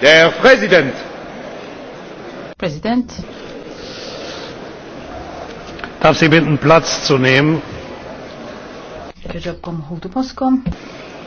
Der Präsident. Präsident. Darf Sie bitten, Platz zu nehmen? Ich Kħiġabkom ħutu poskom.